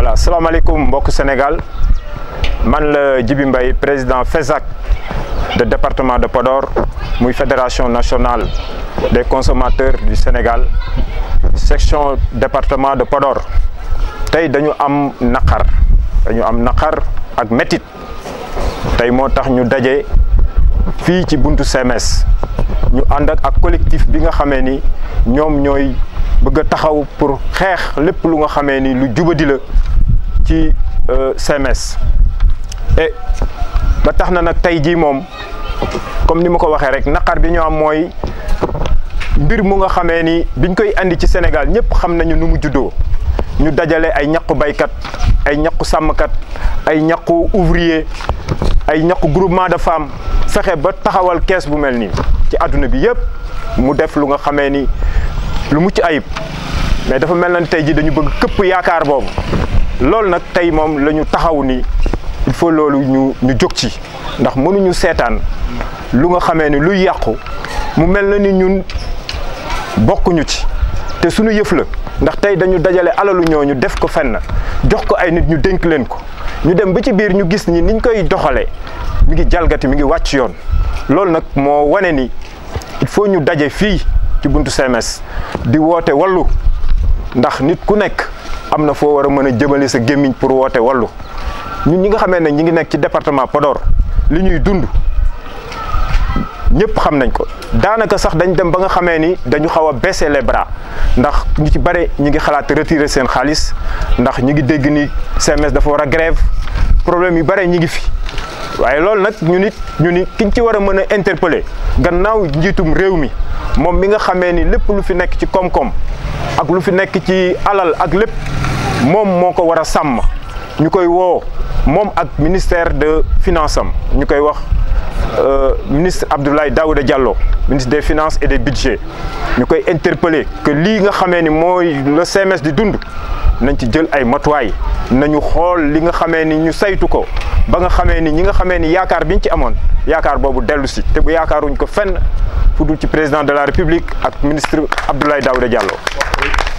voilà salaamaaleykum beaucoup Sénégal man la Djibimbay, président FESAC du département de Podor Mouy fédération nationale des consommateurs du Sénégal section département de Podor tey dañu am naqar dañu am naqar ak métit tey moo tax ñu dajé fi ci buntu CMS ñu ànd ak collectif bi nga xamé ni ñom ñoy bëgg taxaw pour xex lepp lu nga xamé ni lu jubadi la ci euh, CMS et ba taxna na tay ji mom comme nima ko waxé rek nakar bi ñu am moy mbir mu nga xamé ni biñ koy andi ci Sénégal ñepp xam nañu nu mu juddo ñu dajalé ay samakat baykat ay ñaqu sàmmkat ay ñaqu ouvrier ay ñaqu groupement de femmes fexé ba taxawal caisse bu melni ci aduna bi yépp mu def lu nga xamé ni lu mucc ayib mais dafa mel na tey jii dañu bëgg këpp yaakaar boobu loolu nag tey moom la ñu taxaw ni il faut loolu ñu ñu jóg ci ndax mënuñu seetaan lu nga xamee ni luy yàqu mu mel na ni ñun bokkuñu ci te suñu yëf la ndax tey dañu dajale alalu ñu def ko fenn jox ko ay nit ñu dénk leen ko ñu dem ba ci biir ñu gis ni niñ koy doxalee mu ngi jalgati mi ngi wàcc yoon loolu nag moo wane ni il faut ñu daje fii ci buntu sms di wote walu ndax nit ku nek amna fo wara meuna jëmele sa gemign pour wote walu ñun ñi nga xamé ne ñi ngi nek ci département Podor li ñuy dund ñepp xam nañ ko danaka sax dañ dem ba nga xamé ni dañu xawa baisser les bras ndax ñu ci bare ñi ngi xalaat retirer sen xaliss ndax ñi ngi dégg ni sms dafa wara grève problème yu bare ñi ngi fi waaye loolu nag ñu nit ñu ni kiñ ci war a interpeller gannaaw njiitum réew mi moom mi nga xamé ni lepp lu fi nekk ci kom kom ak lu fi nekk ci alal ak lepp mom moko wara sam ñukoy wo mom ak ministère de finance ñukoy wax euh ministre Abdoulaye Daouda Diallo ministre des finances et des budgets ñukoy interpeller que li nga xamé ni moy le CMS di dund nañ ci jël ay matuwaay nañu xool li nga xamé ni ñu saytu ko ba nga xamee ni ñi nga xamee ni yaakaar biñ ci amoon yaakaar boobu dellu te bu yaakaaruñ ko fenn fu dul ci président de la république ak ministre Abdoulaye Daouda Diallo